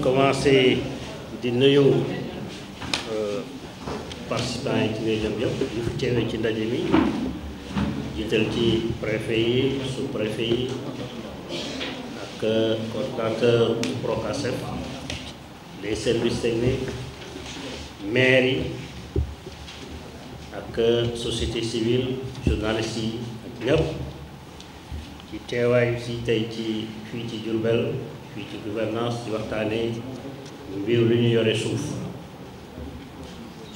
commencé di nuyu euh, participants yi ci biir ñoom yëpp ñu fi teewee ci ndaje mi jiital ci préfet yi sous préfet yi ak euh, coordinateur Procasef les services techniques maires yi ak euh, société civile journalistes yi ak ñëpp ci teewaay si tey ci fii ci Diourbel fii ci gouvernance di waxtaane mbir lu ñu yore suuf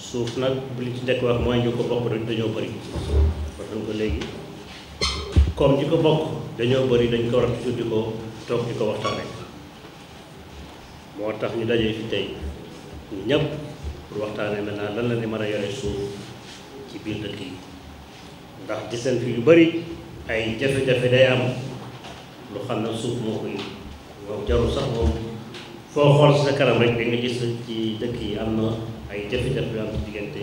suuf nag li ci dekk wax mooy ñu ko bokk dañoo bëri wax nañ ko léegi comme ñi ko bokk dañoo bëri dañ ko war a toujours di ko toog di moo tax ñu dajee fi tey ñu ñëpp pour waxtaane maintenant lan la ni mën a yore suuf ci biir dëkk yi ndax gis nañ fi yu bëri ay jafe-jafe day am lu xam ne suuf moo ko indi moom jarul sax moom foo xool si sa kanam rek da nga gis ci dëkk yi am na ay jafe-jafe yu am ci diggante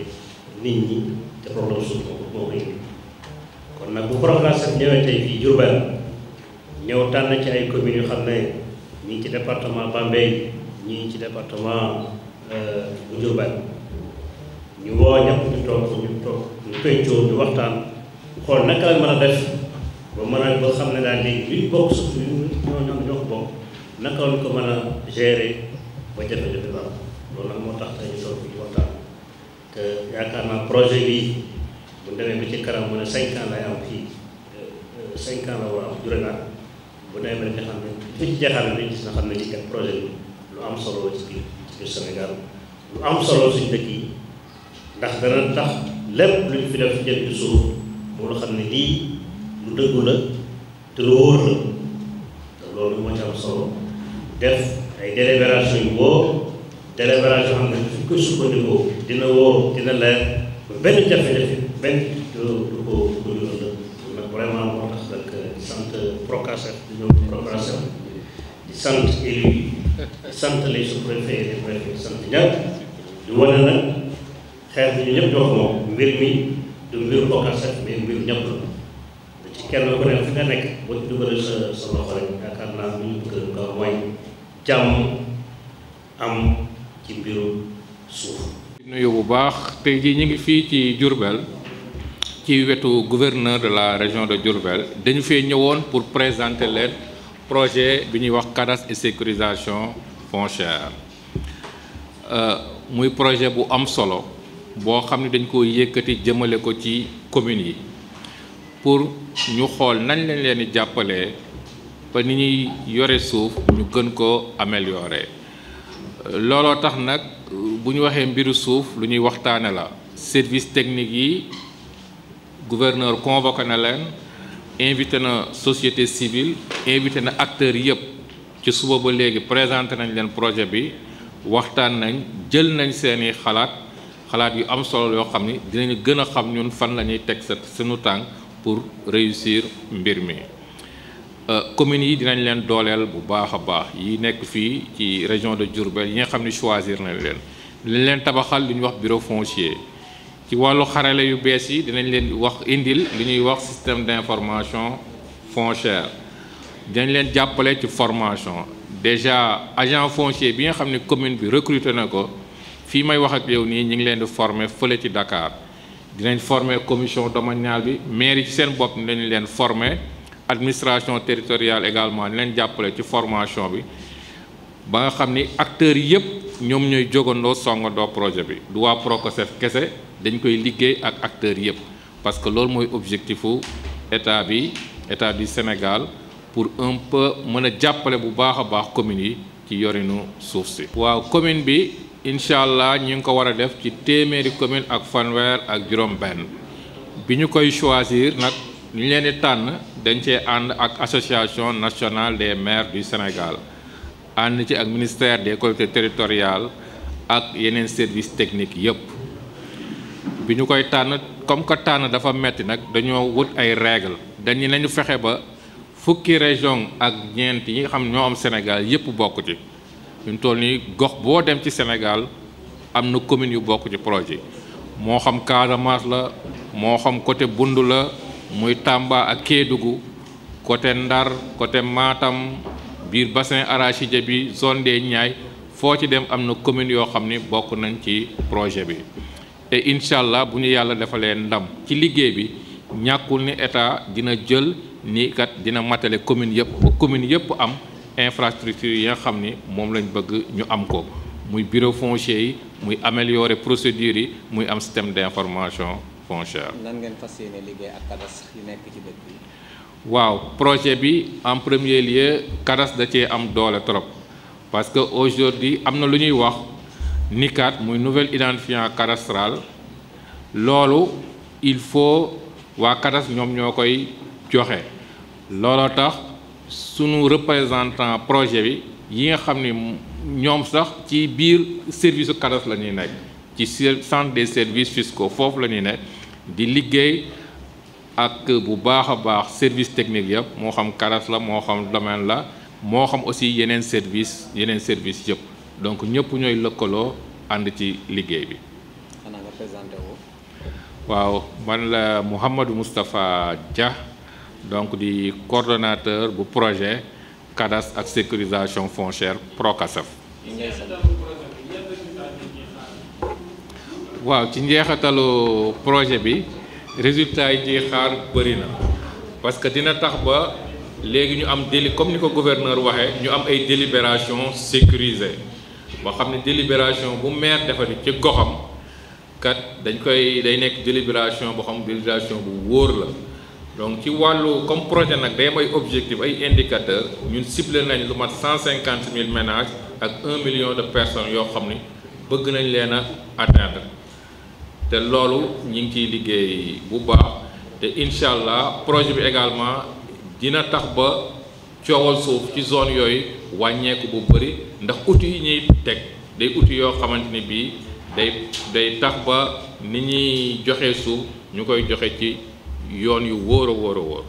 nit ñi te problème suuf moom moo koy indi kon nag bu programme sax ñëwee tey fii Diourbel ñëw tànn ci ay commune yu xam ne ñii ci département Bambey euh, ñu woo ñëpp ñu toog ñu toog ñu pencoo ñu waxtaan xool naka la mën a def ba mën a ba xam ne daal léegi ñu bokk suuf ñoo ñoo ñoo bokk. naka la ko mën a gérer ba jafe-jafe ba loolu moo tax tey ñu toog fii waxtaan te yaakaar naa projet bi bu demee ba ci kanam mu ne cinq lay am fii euh, cinq la war am juróomi at bu demee ba nga xam ne bi gis na xam ne ñu kat projet bi lu am solo ci biir solo suñu dëkk yi ndax dana tax lépp lu fi def jël ci suuf moo xam ne lii lu dëggu la te lu wóor la loolu moo ci am solo. def ay délibération yu wóor délibération xam ne suñ ko sukkandikoo dina wóor dina leer benn jafe-jafe benn du du ko du ko nag vraiment moo tax di sant Procasef di ñëw sant élu sant les sous-préfets et sant ñàkk di wane nag xeer bi ñu ñëpp ñoo moom mbir mi du mbiru Procasef mais mbir ñëpp la kenn ku ne fi nga nekk boo ci dugalee sa sa loxo rek yaakaar naa lu ñu bëgg nga mooy jàmm am ci mbiru suuf. nuyu bu baax te jii ñu ngi fii ci Diourbel ci wetu gouverneur de la région de Diourbel dañu fee ñëwoon pour présenter leen projet bi ñuy wax cadastre et sécurisation foncière euh, muy projet bu am solo boo xam ne dañ ko yëkkati jëmale ko ci communes yi pour ñu xool nañ leen leen di jàppalee. ba ni ñuy yore suuf ñu gën koo améliorer looloo tax nag bu ñu waxee mbiru suuf lu ñuy waxtaane la service technique yi gouverneur convoqué na leen invité na société civile invité na acteurs yëpp ci suba ba léegi présenté nañ leen projet bi waxtaan nañ jël nañ seeni xalaat xalaat yu am solo yoo xam ni dinañu gën a xam ñun fan la ñuy teg sa sunu tànk pour réussir mbir mi Euh, communes yi dinañ leen dooleel bu baax a baax yi nekk fii ci région de Diourbel yi nga xam ne choisir nañ leen dinañ leen tabaxal lu ñuy wax bureau foncier ci wàllu xarale yu bees yi dinañ leen wax indil li ñuy wax système d'information foncière dinañ leen jàppale ci formation déjà agent foncier bi nga xam ne commune bi recruté na ko fii may wax ak yow nii ñu ngi leen di former fële ci Dakar dinañ former commission domaniale bi mairie ci seen bopp dinañ leen former administration territoriale également leen jàppale ci formation bi ba nga xam ni acteurs yëpp ñoom ñooy jógandoo songandoo projet bi du waa Procosef kese dañ koy liggéey ak acteur yëpp parce que loolu mooy objectifu état bi état du Sénégal pour un peu mën a jàppale bu baax a baax communes yi ci yorinu suuf si. waaw commune bi incha allah ñu ngi ko war a def ci téeméeri commune ak fanweer ak juróom-benn bi ñu koy choisir nag ñu leen tànn. dañ cee ànd ak association nationale des maire du Sénégal ànd ci ak ministère des collectivités territoriales ak yeneen service technique yépp bi ñu koy tànn comme que tànn dafa metti nag dañoo wut ay règle dañu nañu fexe ba fukki région ak ñeent yi xam ñoo am Sénégal yépp bokk ci ñu toll nii gox boo dem ci Sénégal am na commune yu bokk ci projet moo xam Casamance la moo xam côté Bundu la muy Tamba ak Kédougou côté Ndar côté Matam biir bassin arachidier bi zone des Niayes foo ci dem am na commune yoo xam ni bokk nañ ci projet bi te incha allah bu ñu yàlla defalee ndam ci liggéey bi ñàkkul ni état dina jël ni kat dina matale commune yëpp ba commune yëpp am infrastructure yi nga xam ni moom lañ bëgg ñu am ko muy bureau foncier yi muy améliorer procédures yi muy am système d'information foncière. nan ngeen fas yéene liggéey ak waaw projet bi en premier lieu cadastre da cee am doole trop parce que aujourd'hui am na lu ñuy wax NICAD muy nouvelle identifiant cadastral loolu il faut waa cadastre ñoom ñoo koy joxe looloo tax sunu représentant projet bi yi nga xam ni ñoom sax ci biir service cadastre la ñuy nekk. ci centre des service fiscaux foofu la ñu ne di liggéey ak bu baax a baax service technique yëpp moo xam karas la moo xam domaine la moo xam aussi yeneen service yeneen service yëpp donc ñëpp ñooy lëkkaloo ànd ci liggéey bi. xanaa nga présenté woo. waaw man la Mouhamadou Moustapha Dia donc di coordonnateur bu projet cadastre ak sécurisation foncière Procasef. waaw ci njeexatalu projet bi résultat yi ciy xaar bëri na parce que dina tax ba léegi ñu am déli comme ni ko gouverneur waxee ñu am ay délibération sécurisée boo xam ne délibération bu maire defati ci goxam kat dañ koy day nekk délibération boo xam délibération bu wóor la donc ci wàllu comme projet nag day am ay objectif ay indicateur ñun ciblé nañ lu mat cent cinquante mille ménages ak un million de personnes yoo xam ni bëgg nañ leen a atteindre te loolu ñu ngi ciy liggéey bu baax te incha allah projet bi également dina tax ba coowal suuf ci zone yooyu wàññeeku bu bëri ndax outil yi ñuy teg day uti yoo xamante ni bii day day tax ba ni ñuy joxe suuf ñu koy joxe ci yoon yu wóor a wóor wóor.